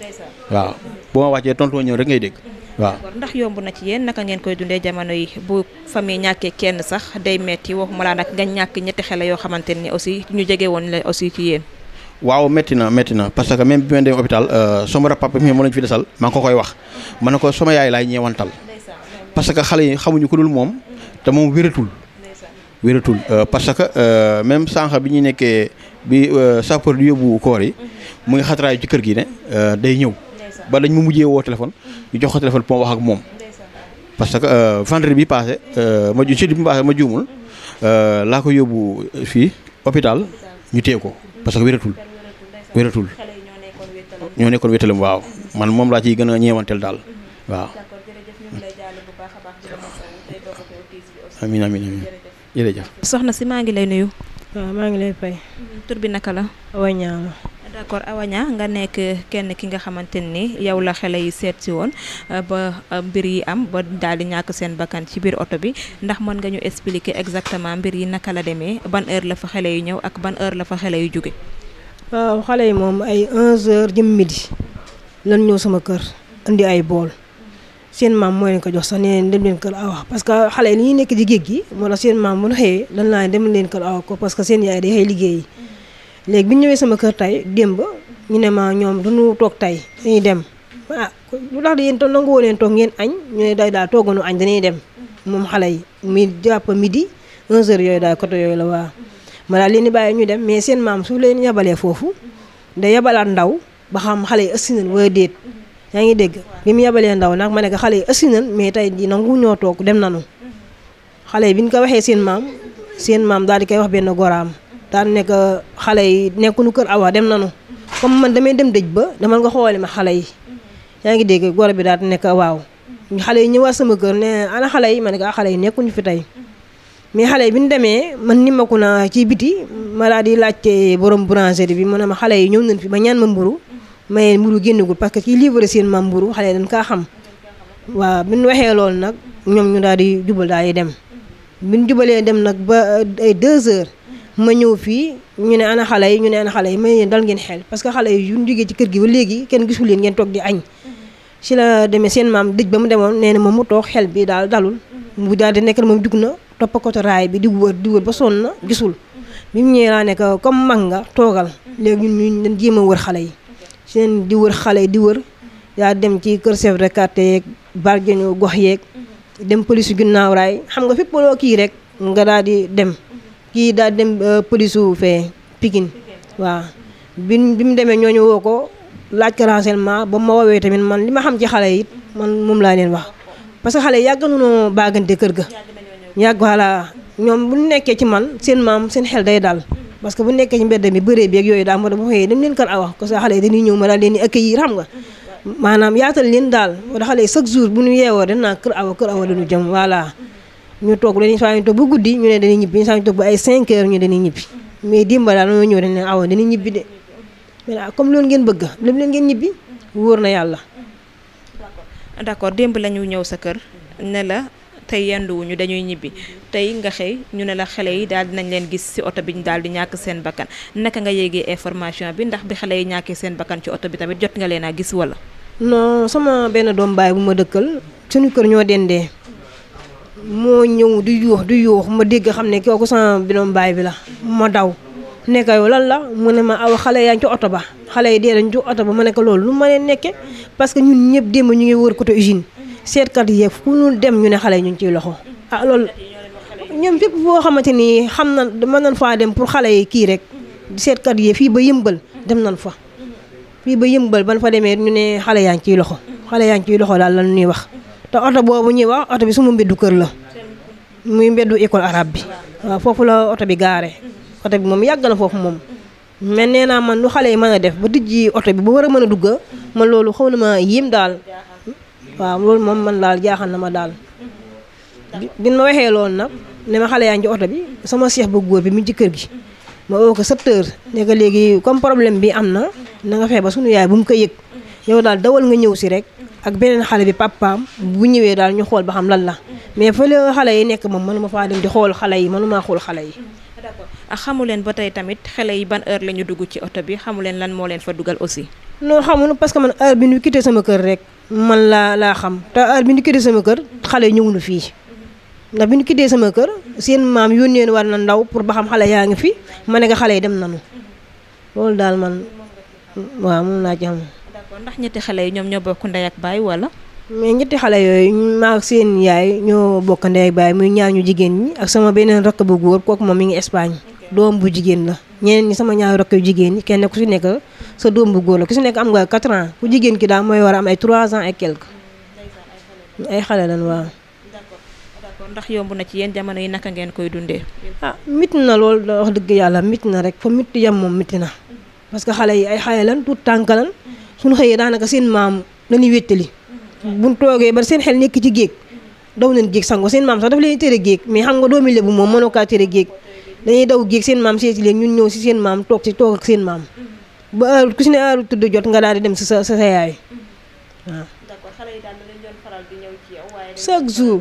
waaw boo ma wàccee tontu ñëw rek ngay dégg waaw ndax yomb na ci yéen naka ngeen koy dundee jamono yi bu famille ñàkkee kenn sax day metti waxuma laa nag nga ñàkk ñetti xale yoo xamante ni aussi ñu jege woon la aussi ci yéen waaw métti na métti na parce que même bi ma demee hôpital euh, sama papa mi moo lañu desal maa ngi ko koy wax ma ne ko sama yaay laay ñeewantal parce que xale yi xamuñu ko dul moom te moom wératul wératul euh, parce que euh, même sànq bi ñuy nekkee bi sapeur di yóbbu koor yi muy ngi xataraayu ci kër gi ne day ñëw bala dañ mu mujjee woo téléphone ñu jox ko téléphone pour wax ak moom parce que euh, vendredi bi passé euh, ma ma juumul euh, laa ko yóbbu fii hôpital ñu téye ko parce que wératul wératul ñoo nekkoon wétalam waaw man moom laa ciy gën a ñeewanteel daal waaw amin amin amin soxna si maa ngi lay nuyu waaw maa ngi lay fay tur bi naka la wañaama d'accord Awa Niang nga nekk kenn ki nga xamante ni yow la xale yi seet si woon euh, ba euh, mbir yi am ba daal di ñàkk seen bakkan ci biir oto bi ndax mën nga ñu expliquer exactement mbir yi naka la demee ban heure la fa xele yi ñëw ak ban heure la fa xale yu jóge waaw xale yi moom ay 11 heures jëm midi lan ñëw sama kër indi ay bool seen maam mooy leen ko jox sax nee dem leen kër awa parce que xale yi li ñuy nekk ci géej gi moo tax seen maam bu xëyee lan laa dem leen kër awa ko parce que seen yaay day xëy liggéeyi léegi bi ñëwee sama kër tey démb ñu ne ma ñoom duñu toog tey dañuy dem ah lu tax di leen toog ngeen añ ñu day daal tooganu añ dañuy dem moom xale yi mi jàpp midi 11 yooyu daal côté yooyu la waa ma daal leen di bàyyi ñu dem mais seen maam su leen yabalee foofu da yabalaat ndaw ba xam xale yi ëssi nañ wala déet yaa ngi dégg bi mu yabalee ndaw nag ma ne xale yi ëssi mais tey di nangu ñoo toog dem nanu xale yi bi ñu ko waxee seen maam seen maam daal di koy wax benn goraam daan nekk xale yi nekkuñu kër awa dem nanu comme man damay dem dëj ba dama nga xooli ma xale yi yaa ngi dégg goro bi daal di nekk waaw xale yi ñëwaat sama kër ne ana xale yi ma nekk a ah, xale yi nekkuñu fi tey mais xale yi bi ñu demee man ni ma ko naa ci biti ma daal di laajte borom boulangerie bi mu ne ma xale yi ñëw nañ fi ba ñaan ma mburu maye mburu génnagul parce que kii livré seen ma mburu xale yi dañ kaa xam waaw bi ñu waxee loolu nag ñoom ñu daal di jubal daal di dem bi ñu jubalee dem nag ba ay deux heures ma ñëw fii ñu ne ana xale yi ñu ne ana xale yi may yéen dal ngeen xel parce que xale yi yu ñu jógee ci kër gi ba léegi kenn gisul leen ngeen toog di añ mm-hmm. si la demee seen maam dëj ba mu demoon nee na moom mu toog xel bi daal dalul mm-hmm. mu daal di nekk moom jug na topp ko bi di wër di wër ba sonn na gisul mm-hmm. bi mu comme mag nga toogal léegi ñun ñu jéem a wër xale yi seen di wër xale yi di wër yaa dem ci kër chef de quartier yeeg bargeño gox yeeg dem police ginnaaw raay xam nga fépp loo kii rek nga daal di dem kii daal dem euh, police wu fee Pikine waa bi bi mu demee ñooñu woo ko laaj ko renseignement ba ma woowee tamit man li ma xam ci xale yi man moom laa leen wax parce que xale yàgg nañoo baagante kër ga yàgg voilà ñoom bu nekkee ci man seen maam seen xel day daal parce que bu nekkee ci mbedd mi bëree bi ak yooyu daal moo leen kër awa parce que xale yi dañuy ñëw ma daal leen di accueillir xam nga maanaam yaatal leen daal moo tax xale yi chaque jour bu ñu yeewoo dañ naa kër awa kër awa dañu jëm voilà ñu toog dañuy ñu toog bu guddi ñu ne dañuy ñibbi ñu saa ñu toog ba ay 5 heures ñu dañuy ñibbi mais dimba daal ñoo ñëw dañ ne ah awa dañuy ñibbi de ah, comme loolu ngeen bëgg lépp leen ngeen ñibbi wóor na yàlla. d' accord démb la ñu ñëw sa kër ne la tey yenduwuñu dañuy ñibbi tey nga xëy ñu ne la xele yi daal dinañ leen gis ci oto bi ñu daal di ñàkk seen bakkan naka nga yéegee information bi ndax bi xale yi ñàkkee seen bakkan ci oto bi tamit jot nga leen a gis wala. non sama benn doom baay bu ma dëkkal suñu kër ñoo dendee moo ñëw di yuux di yuux ma dégg xam ne kooku sama binoom baay bi la ma daw nekk yow lan la mu ne ma aw xale yaa ngi ci oto ba xale yi dee dañ ci oto ba ma ne ko loolu lu ma leen nekke parce que ñun ñëpp démb ñu ngi wër côté usine seetkat yeeg fu dem ñu ne xale ñu ngi ciy loxo ah ñoom fépp boo xamante ni xam na mën nañ dem pour xale yi kii rek seetkat yi fii ba yëmbal dem nañ fa fii ba yëmbal ban fa demee ñu ne xale yaa ngi ciy loxo xale yaa ngi ciy loxo daal lañu ñuy wax te oto boobu ñuy wax oto bi sumu mbeddu kër la muy mbeddu école arabe bi waaw foofu la oto bi gaare oto bi moom yàgg na foofu moom mel nee naa man lu xale yi mën a def ba dijji oto bi ba war a mën a dugga man loolu xaw na ma yéem daal waaw loolu moom man laal jaaxal na ma daal bi ma waxee loolu nag ne ma xale yaa ngi oto bi sama seex bu góor bi mu ci kër gi ma woo ko 7 léegi comme problème bi am na na nga ba sunu yaay bu mu ko yëg yow daal dawal nga ñëw si rek ak beneen xale bi papaam bu ñëwee daal ñu xool ba xam lan la mais fële xale yi nekk moom mënuma faa dem di xool xale yi mënumaa xool xale yi ah, xamu leen ba tey tamit xale yi ban heure la ñu dugg ci oto bi xamu leen lan moo leen fa dugal aussi non xamuñu parce que man heure bi ñu sama kër rek man laa laa xam te heure bi ñu quitté sama kër xale yi ñëwuñu fii ndax bi ñu quitté sama kër seen maam yónnee war na ndaw pour ba xam xale yaa ngi fi ma ne ko xale yi dem nañu loolu daal man waa moom naa ci d'accord ndax ñetti xale yi ñoom ñoo bokk ndey ak baay wala. mais ñetti xale yooyu maa seen yaay ñoo bokk ndey ak baay muy ñaar ñu jigéen ñi ak sama beneen rakk bu góor kooku moom mi ngi Espagne. doom bu jigéen la ñeneen ñi sama ñaari rakk yu jigéen ñi kenn ku si nekk sa doom bu góor la ku si nekk am nga 4 ans ku jigéen ki daal mooy war a am ay 3 ans et ay xale lan waaw. d'accord ndax yomb na ci yéen jamono yi naka ngeen koy dundee. ah mit na loolu wax dëgg yàlla mit na rek fa mit yam moom mit na parce que xale yi ay xale lan tuut tànk suñu xëyee daanaka seen maam wettali bu buñ toogee ba seen xel nekk ci géej daw nañ géej sango seen maam sax daf leen tere géej mais xam nga doomi lébu moom mënoo kaa dañuy daw géej seen maam seeti leen ñun ñëw si seen maam toog si toog seen maam ba heure ku si ne heure tudd jot nga daal di dem si sa sa yaay chaque jour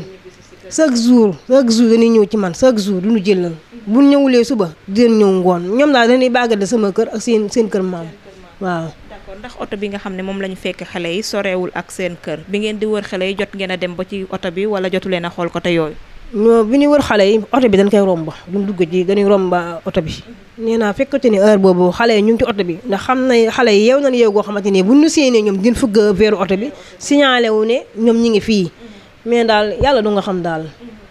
chaque jour chaque jour dañuy ñëw ci man chaque jour duñu jël la bu ñëwulee suba dinañ ñëw ngoon ñoom daal dañuy bàggal sama kër ak seen seen kër maam. waaw d'accord ndax oto bi nga xam ne moom la ñu fekk xale yi sorewul ak seen kër bi ngeen di wër xale yi jot ngeen a dem ba ci oto bi wala jotu leen a xool ko te yooyu non bi ñu wër xale yi oto bi dañ koy romb duñ dugg ci dañuy romb oto bi nee naa fekkate ni heure boobu xale yi ñu ngi ci oto bi ndax xam na xale yi yeew nañ yeew goo xamante ne bu ñu séenee ñoom din fugg veeru oto bi signalé wu ne ñoom ñi ngi fii mais daal yàlla du nga xam daal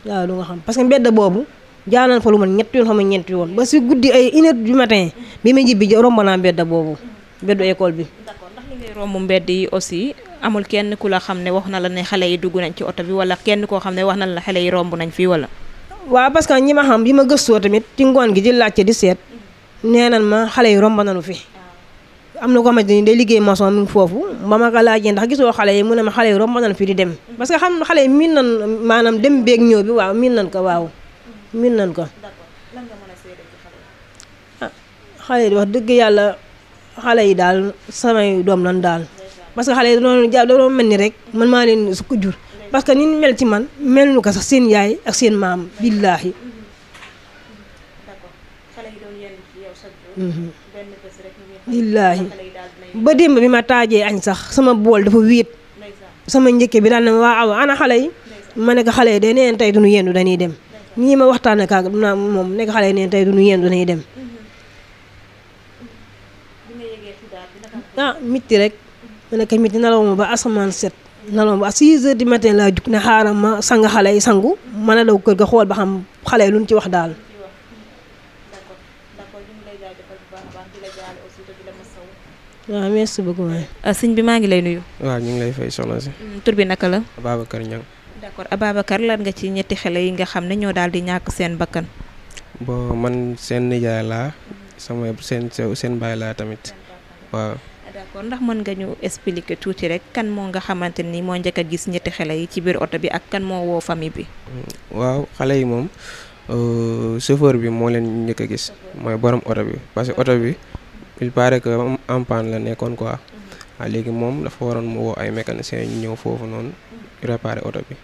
yàlla du nga xam parce que mbedd boobu jaanan fa lu man ñett yoon xam ne yoon ba si guddi ay une heure du matin bi ma jibbi romb naa mbedd boobu wetu école bi. romb mbedd yi aussi amul kenn ku la xam ne wax na la ne xale yi dugg nañ ci oto bi wala kenn koo xam ne wax na la xale yi romb nañ fii wala. waaw parce que ñi ma xam bi ma gëstoo tamit ci ngoon gi di laajte di seet nee nañ ma xale yi romb nañu fi. am na ko xamante ni day liggéey maçon mi ngi foofu ba ma ko laajee ndax gisoo xale yi mu ne ma xale yi romb nañ fi di dem parce que xam xale yi miin nan maanaam dem beeg ñëw bi waaw miin nan ko waaw miin nan ko xale yi daal samay doom lan daal parce que xale yi dañoo ja mel ni rek man maa leen su ko jur parce que ni mel ci man mel nu ko sax seen yaay ak seen maam billaahi. Mhm. billaahi ba démb bi ma taajee añ sax sama bool dafa wéet sama njëkke bi daal ne waa awa ana xale yi ma nekk xale yi day neen tey duñu yendu dañuy dem nii ma waxtaan ak moom nekk xale yi neen tey duñu yendu dañuy dem mhm. ah miti rek ma ne ko miti nalaw ma ba asamaan set nalaw ma ba 6 heures du matin laa jug ne xaaral ma sang xale yi sangu mën a daw kër ga xool ba xam xale yi lu ñu ci wax daal. waaw merci beaucoup waay. Ah, sëñ bi maa ngi lay nuyu. waaw ñu ngi lay fay soxna si. Mm, tur bi naka la. Ababacar Niang. d'accord Ababacar lan nga ci ñetti xale yi nga xam ne ñoo daal di ñàkk seen bakkan. bon man seen nijaay laa. sama seen seen baay laa tamit waaw. kon ndax mën nga ñu expliquer tuuti rek kan moo nga xamante ni moo njëkk a gis ñetti xele yi ci biir oto bi ak kan moo woo famille bi. Mm, waaw xale yi moom euh, chauffeur bi moo leen njëkk a gis mooy borom auto bi parce que oto bi il paraît que en panne nekkoon quoi. Ah, léegi moom dafa waroon mu woo ay mécanicien ñu ñëw foofu noonu réparé oto bi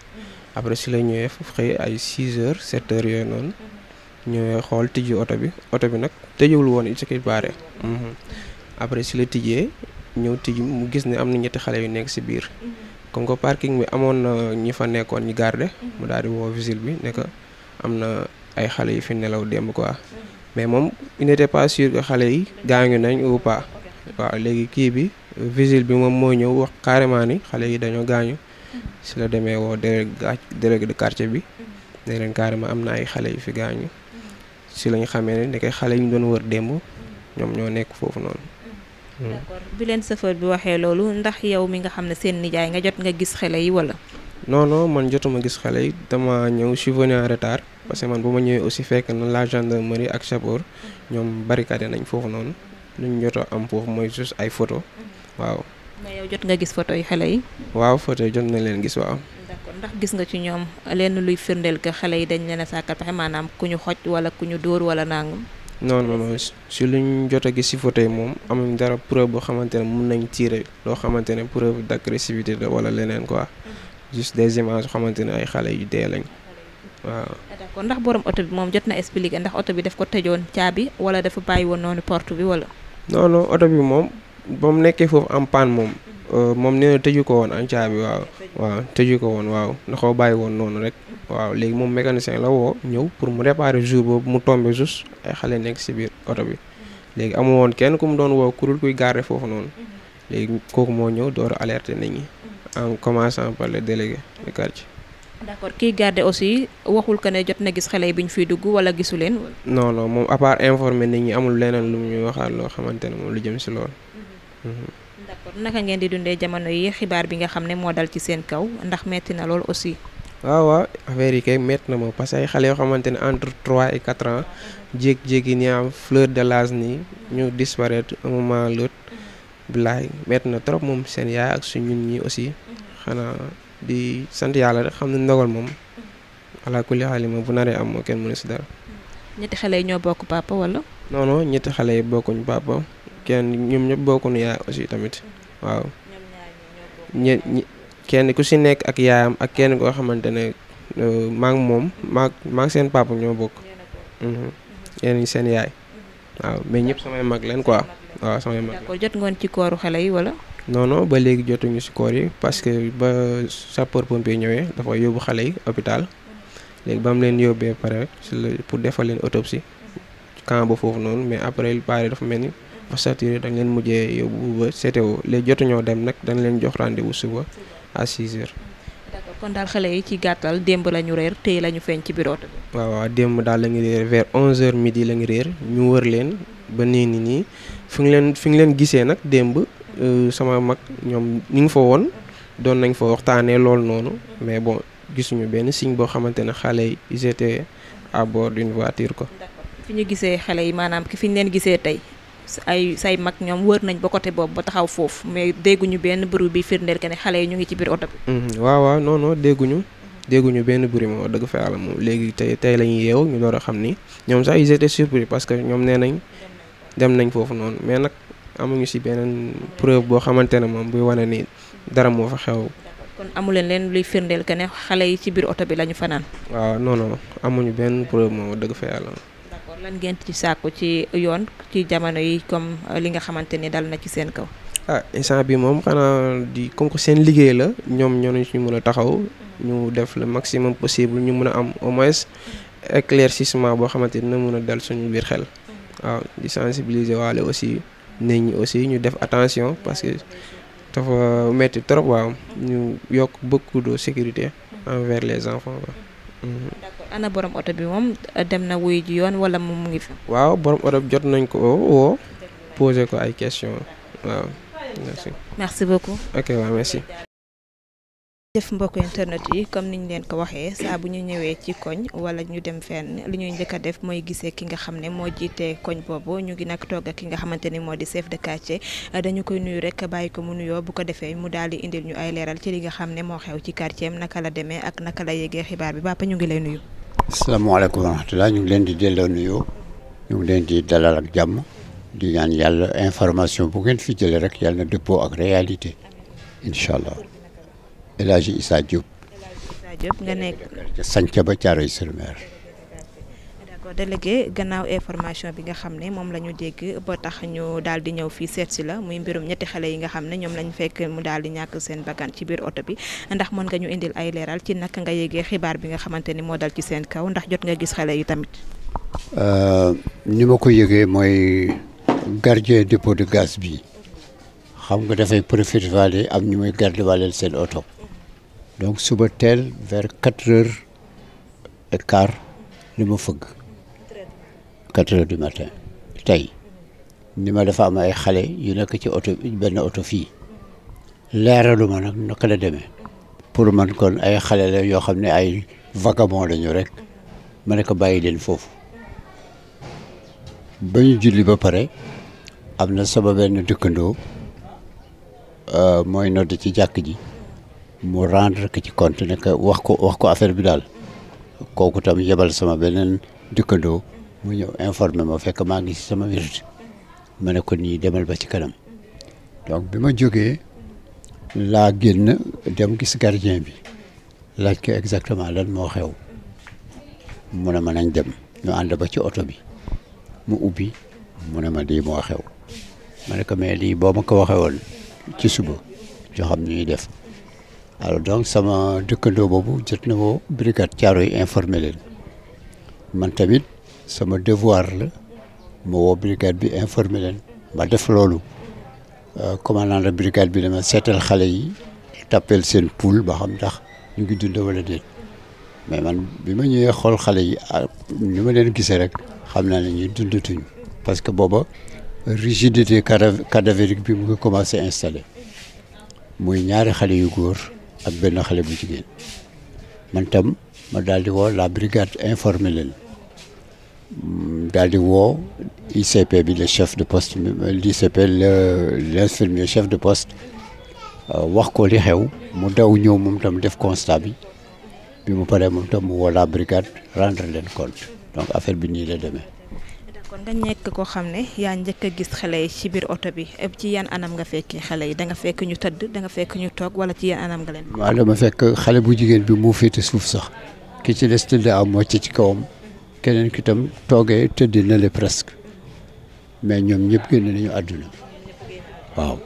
après si la ñëwee foofu xëy ay 6 heures 7 yooyu noonu. ñëwee xool tijji oto bi oto bi nag tëjewul woon il ce qui paraît après si la tijjee ñëw tijji mu gis ne am na ñetti xale yu nekk si biir. Mhm. comme que parking bi amoon na ñi fa nekkoon ñi garde mhm. mu daal di woo vigile bi ne que am na ay xale yu fi nelaw démb quoi. Mhm. mais moom il n'était xale yi gaañu nañ ou pas. waaw léegi kii bi vigile bi moom moo ñëw wax carrément ni xale yi dañoo gaañu. si la demee woo dérég de quartier bi. ne leen carrément am na ay xale yu fi gaañu. si lañ xamee ne nekk xale yi ñu doon war démb. ñoom ñoo nekk foofu noonu. Mm. d'accord bi leen chauffeur bi waxee loolu ndax yow mi nga xam ne seen nijaay nga jot nga gis xele yi wala. non man jotuma gis xale yi dama ñëw je suis venu retard parce que man bu ma ñëwee aussi fekk na la gendarmerie ak sapeur ñoom barricadé nañ foofu noonu luñ joto jot am foofu mooy juste ay photo waaw. mais jot nga gis photo yi xale yi. waaw photo yi jot na leen gis waaw. ndax gis nga ci ñoom lenn luy firndeel que xale yi dañ leen a sàkkal maanaam ku ñu xoj wala ku ñu dóor wala nangam. non non non si luñ jot a gis si photo yi moom amuñ dara preuve boo xamante ne mun nañ tirer loo xamante ne preuve d'agressivité la wala leneen quoi mm-hmm. juste des images yoo xamante ne ay xale yu dee lañ waaw. d'accord ndax borom oto bi moom jot na expliquer ndax oto bi daf ko tëjoon caabi wala dafa bàyyi woon noonu porte bi wala. non non oto bi moom ba mu nekkee foofu en panne moom Euh, moom nee na tëju ko woon ak caabi waaw waaw tëju ko woon waaw ndaxoo bàyyi woon noonu rek waaw léegi moom mécanicien la woo ñëw pour mu réparer jour boobu mu tombé juste ay xale nekk si biir oto bi léegi amul woon kenn ku mu doon woo kurul kuy garder foofu noonu léegi kooku moo ñëw door a alerter nit ñi en commençant par le délégué de quartier. d' accord kiy garder aussi waxul ko ne jot na gis xale yi bi ñu fiy dugg wala gisu leen. non moom à part informer nit ñi amul leneen lu ñuy waxaat loo xamante ne moom lu jëm si loolu. Mhm. Mhm. naka ngeen di dundee jamono yi xibaar bi nga xam ne moo dal ci seen kaw ndax metti na loolu aussi. waaw waaw affaire yi kay métti na moom parce que ay xale yoo xamante ne entre trois et quatre ans jékki-jékki ni am fleur de l'âge ni ñu disparaître un moment l'autre bilaay métti na trop moom seen yaay ak su ñun ñi aussi xanaa di sant yàlla rek xam ne ndogal moom ala kulli xaalima bu naree am moo kenn mënu si dara. ñetti xale yi ñoo bokk papa wala. non ñetti xale yi bokkuñ ñëpp bokkuñu aussi tamit. waaw ñe kenn ku si nekk ak yaayam ak kenn koo xamante ne euh, maak moom maak maak seen papa ñoo bokk mhm. Mhm. yéen seen yaay mhm. waaw mais ñëpp samay mag leen quoi waaw samay mag d'accord jot ngoon ci xale yi wala non ba léegi jotuñu si koor yi parce que ba sapeur pompier ñëwee dafa yóbbu xale yi hôpital léegi bam leen yóbbee pare si pour defal leen autopsie camp ba foofu noonu mais après pare dafa mel ni ba saturé dañ leen mujjee yóbbu ba CTO léegi jotuñoo dem nag dañ leen jox rendez-vous suba à 6 heures. kon daal xale yi ci gàttal démb la ñu réer tey la ñu feeñ ci biir oto bi. waaw démb daal la ñu réer vers 11 heures midi la ñu réer ñu wër leen ba nii nii nii fi nga leen fi leen gisee nag démb euh, sama mag ñoom ñu ngi fa woon doon nañ fa waxtaanee lool noonu mais bon gisuñu benn signe boo xamante ne xale yi ils étaient à bord d'une voiture fi ñu gisee xale yi maanaam ki fi tey. ay say mag ñoom wër nañ ba côté boobu ba taxaw foofu mais dégguñu benn bruit bi firndeel que xale yi ñu ngi ci biir oto bi. Mhm. waaw waaw non benn bruit moo dëgg fa yàlla léegi tey la ñuy yeew ñu door xam ni ñoom sax ils étaient surpris parce ñoom nee dem nañ foofu noonu mais nag amuñu si beneen preuve boo xamante ne moom buy wane ni dara moo fa xew. kon amu leen leen luy firndeel xale yi ci biir oto bi la fanaan. waaw noonu amuñu benn preuve moom dëgg fa lan ngeen ci sàkku ci yoon ci jamono yi comme euh, li nga xamante ni dal na ci seen kaw. ah instant bi moom xanaa di comme que seen liggéey la ñoom ñoo ñu mën a taxaw. ñu def le maximum possible ñu mën a am au moins éclaircissement boo xamante ni dina mën a dal suñu biir xel. waaw di sensibiliser waale aussi nit ñi aussi ñu def attention parce que dafa metti trop waaw ñu yokk beaucoup de sécurité envers les enfants ana borom oto bi moom euh, dem na wuy ji yoon wala moom mu ngi fi. waaw borom oto bi jot nañ ko woo posé ko ay question waaw merci. merci ok merci. yi comme niñ leen ko waxee saa bu ñu ñëwee ci koñ wala ñu dem fenn li ñuy njëkk def mooy gisee ki nga xam ne moo jiitee koñ boobu ñu ngi nak toog ak ki nga xamante ni moo di chef de quartier euh, dañu koy nuyu rek bàyyi ko mu nuyoo bu ko defee mu daal di indil ñu ay leeral ci li nga xam ne moo xew ci quartier am naka la demee ak naka la yéegee xibaar bi Papa ñu ngi lay nuyu. asalaamaaleykum wa rahmatulah ñu ngi leen di delloo nuyoo ñu leen di dalal ak jàmm di ñaan yàlla information bu ngeen fi jëlee rek yàlla na dëppoo ak réalité incha allah El Hadj Issa Diop. El Hadj Issa ca Sàncaba Thiaroye sur ko délégué gannaaw information bi nga xam ne moom la ñu dégg ba tax ñu daal di ñëw fii seet si la muy mbirum ñetti xale yi nga xam ne ñoom lañ fekk mu daal di ñàkk seen bakkan ci biir oto bi ndax mën nga ñu indil ay leeral ci naka nga yégee xibaar bi nga xamante ni moo dal ci seen kaw ndax jot nga gis xale yi tamit. Euh, ni ma ko yëgee mooy gardien dépôt de gaz bi xam nga dafay profité waale am ñu muy garde waaleel seen oto donc suba teel vers quatre heures et li ma fëgg. quatre du matin tey ni ma dafa am ay xale yu nekk ci oto benn oto fii leeralu ma nag naka la demee pour man kon ay xale la yoo xam ne ay vagabond lañu rek ma ne ko bàyyi leen foofu ba ñu julli ba pare am na sama benn dëkkandoo euh, mooy nodd ci jàkk ji mu rendre ko ci compte ne wax ko wax ko affaire bi daal kooku tam yebal sama beneen dëkkandoo mu ñëw informé ma fekk maa ngi si sama virgule ma ne ko nii demal ba ci kanam donc bi ma jógee laa génn dem gis gardien bi laaj ko exactement lan moo xew mu ne ma nañ dem ñu ànd ba ci oto bi mu ubbi mu ne ma di moo xew ma ne ko mais lii boo ma ko waxee woon ci suba joxam xam ñuy def alors donc sama dëkkandoo boobu jot na woo brigade caaro yi informé leen man tamit. sama devoir la ma woo brigade bi informé leen ma def loolu euh, commandant de brigade bi dama seetal xale yi tappel seen poul ba xam ndax ñu ngi dund wala déet mais man bi ma ñëwee xool xale yi ah, ni ma leen gisee rek xam naa ne ñuy dundatuñ parce que booba rigidité cadavérique bi mu ngi commencé installé muy ñaari xale yu góor ak benn xale bu jigéen man tam ma daal di woo la brigade informé leen Mm, daal di woo ICP bi le chef de poste l'ICP l'infirmier chef de poste euh, wax ko li xew mu daw ñëw moom tam def constat bi bi mu paree moom tam mu woo la brigade rendre leen compte donc affaire bi nii la demee. kon nga nekk koo xam ne yaa njëkk a gis xele yi ci biir oto bi ci yan anam nga fekkee xale yi da nga fekk ñu tëdd danga fekk ñu toog wala ci yan anam nga leen. ma dama fekk xale bu jigéen bi mu féete suuf sax ki ci des tëdd moo ci ci kawam. keneen ki tam toogee tëddi na le presque mais ñoom ñëpp génn nañu àdduna waaw.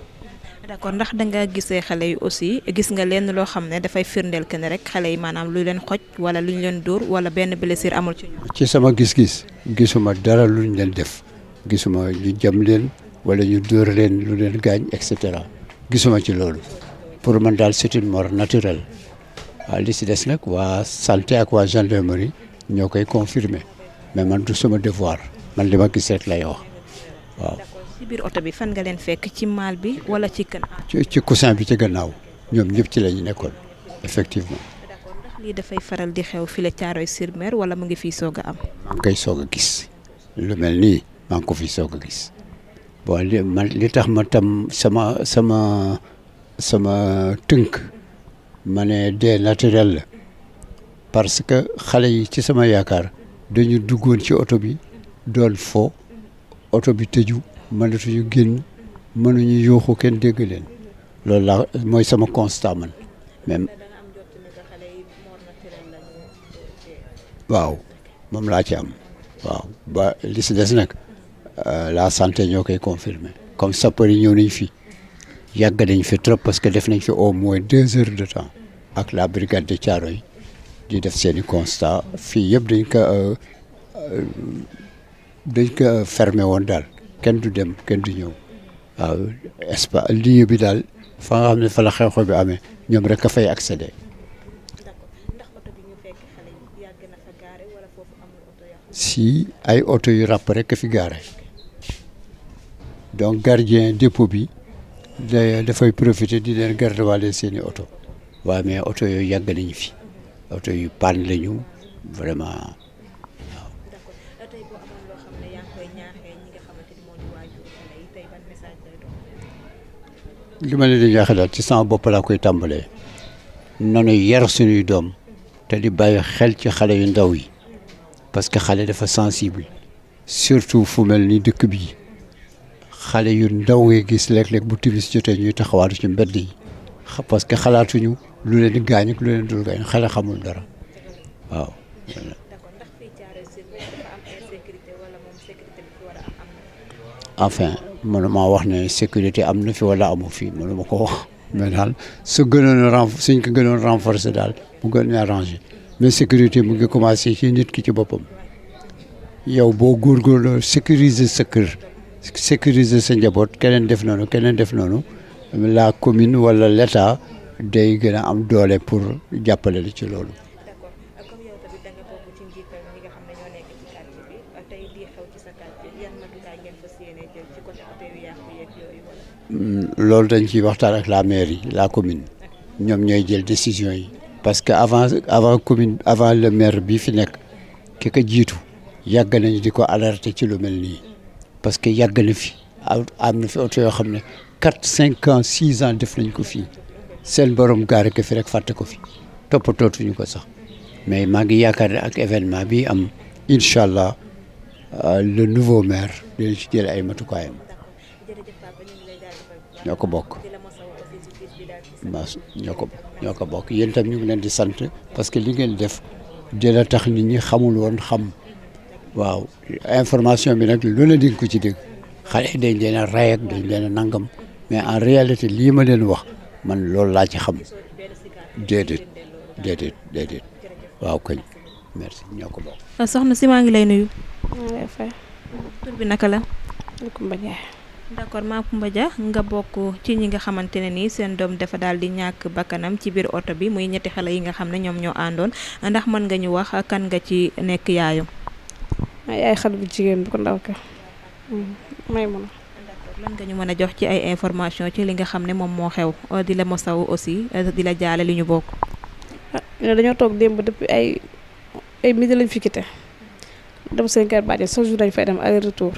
d'accord ndax da nga gisee xale yi aussi gis nga leen loo xam ne dafay firndeel que rek xale yi maanaam lu leen xoj wala lu ñu leen dóor wala benn blessure amul ci ci sama gis-gis gisuma dara lu ñu leen def gisuma ñu jam leen wala ñu dóor leen lu leen gaañ et cetera gisuma ci loolu pour man daal c'est une mort naturelle li si des nag waa santé ak waa gendarmerie. ñoo koy confirmer mais man du sama devoir man li ma gis rek lay wax waaw. ci biir oto bi fan nga leen fekk ci maal bi wala ci kan. ci ci coussin bi ci gannaaw ñoom ñëpp ci la ñu nekkoon effectivement. d'accord ndax lii dafay faral di xew fii la thiaroye sur wala mu ngi fii soog am. maa ngi koy soog a gis lu mel nii maa ko fi soog a gis bon li man li tax ma tam sama sama sama tënk ma ne dee naturel la. parce que xale yi ci sama yaakaar dañu duggoon ci oto bi doon fo oto bi tëju mënatuñu génn mënuñu yuuxu kenn dégg leen loolu laa mooy sama constat man même waaw moom laa ci am waaw ba li si des nag euh, la santé ñoo koy confirmer comme sapeur yi ñëw nañ fi yàgg nañ fi trop parce que def nañ fi au moins deux heures de temps ak la brigade de yi di def seeni i fii yëpp dañ ko euh, euh, dañ fermé woon daal kenn du dem kenn du ñëw waaw espace lieu bi daal fa nga xam ne fa la xew-xew bi amee ñoom rek a fay accédé. si ay oto yu ràpp rek a fi gaare donc gardien dépôt bi da dafay profité di leen gardewaale seen seeni oto waaye mais oto yooyu yàgg nañu fi. oto yu panne la ñu vraiment li ma leen di ñaax ci sama bopp koy tàmbalee. nanu yar suñuy doom te di bàyyi xel ci xale yu ndaw yi parce que xale dafa sensible surtout fu mel ni dëkk bi xale yu ndaw ngay gis léeg-léeg bu tibis jotee ñuy taxawaatu ci mbedd yi parce que xalaatuñu lu leen di gaañ lu leen dul gaañ xale xamul dara waaw. enfin mënuma wax na sécurité am na fi wala amu fi mënuma ko wax mais daal su gënoon ren suñ ko gënoon renforcer daal mu gën a arrangé mais sécurité mu ngi commencé ci nit ki ci boppam yow boo góor góorgóorloo sécuriser sa kër sécuriser sa njaboot keneen def noonu keneen def noonu la commune wala l' day gën a am doole pour jàppale la ci loolu. Hmm, loolu dañ ciy waxtaan ak la yi la commune ñoom ñooy jël décision yi parce que avant avant commune avant le maire bi fi nekk kekk ko jiitu yàgg nañu di ko alerter ci lu mel nii parce que yàgg na fi am na fi oto yoo xam ne quatre cinq ans six ans def nañ ko fii seen borom gaare ko fi rek fàtte ko fi toppatootuñu ko sax mais maa ngi yaakaar ne ak événement bii am incha allah euh, le nouveau maire dina ci jël ay matukaayam ñoo ko bokk ñoo ko ñoo ko bokk yéen tam ñu ngi leen di sant parce que li ngeen def dina tax nit ñi xamul woon xam waaw information bi nag lu ne di ko ci dégg xale dañ leen a ray dañ leen a nangam mais en réalité lii ma leen wax man loolu laa ci xam déedéet déedéet déedéet waaw kañ merci ñoo ko ah, soxna si maa ngi lay nuyu. tur bi naka la. Kumba Dia. d'accord maa Kumba Dia nga bokk ci ñi nga xamante ne nii seen doom dafa daal ñàkk bakkanam ci biir oto bi muy ñetti xale yi nga xam ne ñoom ñoo àndoon ndax mën nga ñu wax kan nga ci nekk yaayu. ay ay xale bu jigéen bu ko ndaw ka lan nga ñu mën a jox ci ay information ci li nga xam ne moom moo xew di la mosaw aussi di la jaale li ñu bokk. ah dañoo toog démb depuis ay ay midi lañ fi quitté dem seen kër bàjjen dañ fay dem aller retour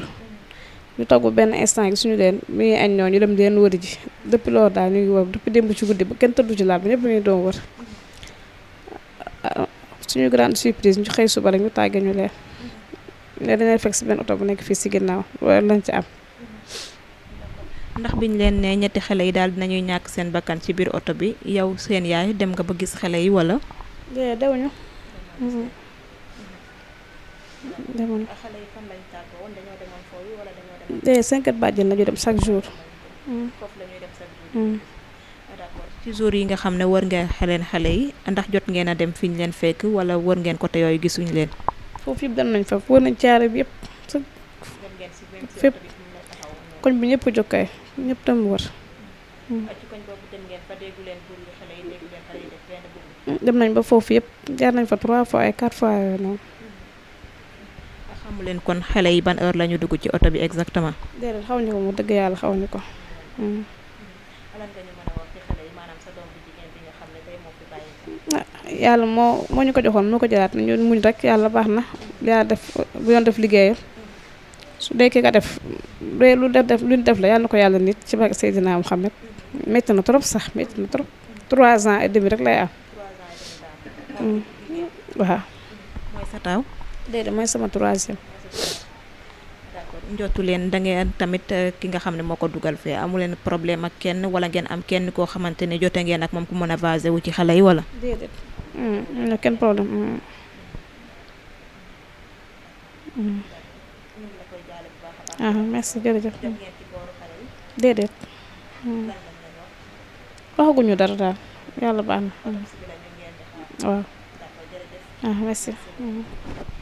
ñu togg benn instant suñu leen mi añ ñoo ñu dem di leen ji depuis loolu daal ñu ngi ci guddi ba kenn tëddu ci laal bi ñëpp ñu doon wër ah, suñu grande surprise ñu xëy suba rek ñu tàggee ñu leen. léegi dañuy fekk si benn oto bu nekk fii si ginnaaw loolu lañ ci am. ndax biñ leen ne ñetti xale yi daal dinañuy ñàkk seen bakkan ci biir oto bi yow seen yaay dem nga ba gis xale yi wala. déedéet dawuñu. demoon xale yi fan lañ tàggoo woon dañoo demoon foofu wala dañoo demoon. déedéet cinq heures bàjjen la ñu dem chaque jour. Mm. Mm. foofu la ñuy dem chaque jour. Mm. d'accord ci jour yi nga xam ne war ngeen xeleen xale yi ndax jot ngeen a dem fi ñu leen fekk wala war ngeen côté yooyu gisuñu leen. foofu yëpp dem nañ fa war nañ caare bi yëpp fépp. koñ bi ñëpp jóg kay ñëpp tam wër. Mm, dem nañ ba foofu yëpp jaar nañ fa trois fois ay quatre fois yooyu noonu. xamu leen kon xale yi ban heure la ñu dugg ci oto bi exactement. déedéet xaw mu dëgg yàlla xaw ñu ko. Mm. lan nga ah, moo moo ñu ko joxoon moo ko jëlaat ñu muñ rek yàlla baax na yàlla def bu yoon def liggéeyam. su dee ki nga def dee lu def def lu def la yàlla na ko yàlla nit ci barke Seydina Mouhamed métti na trop sax na trop sax ans et demi rek lay am. Mm. waaw. mooy sa taaw. mooy sama troisième. d'accord njottu leen da ngeen tamit euh, ki nga xam ne moo ko dugal fee amu leen problème ak kenn wala ngeen am kenn koo xamante ne jote ngeen ak moom ku mën a basé wu ci xale yi wala. Uh-huh. merci jërëjëf déedéet hmm. waxaguñu dara daal yàlla baax na waaw ah, merci hmm.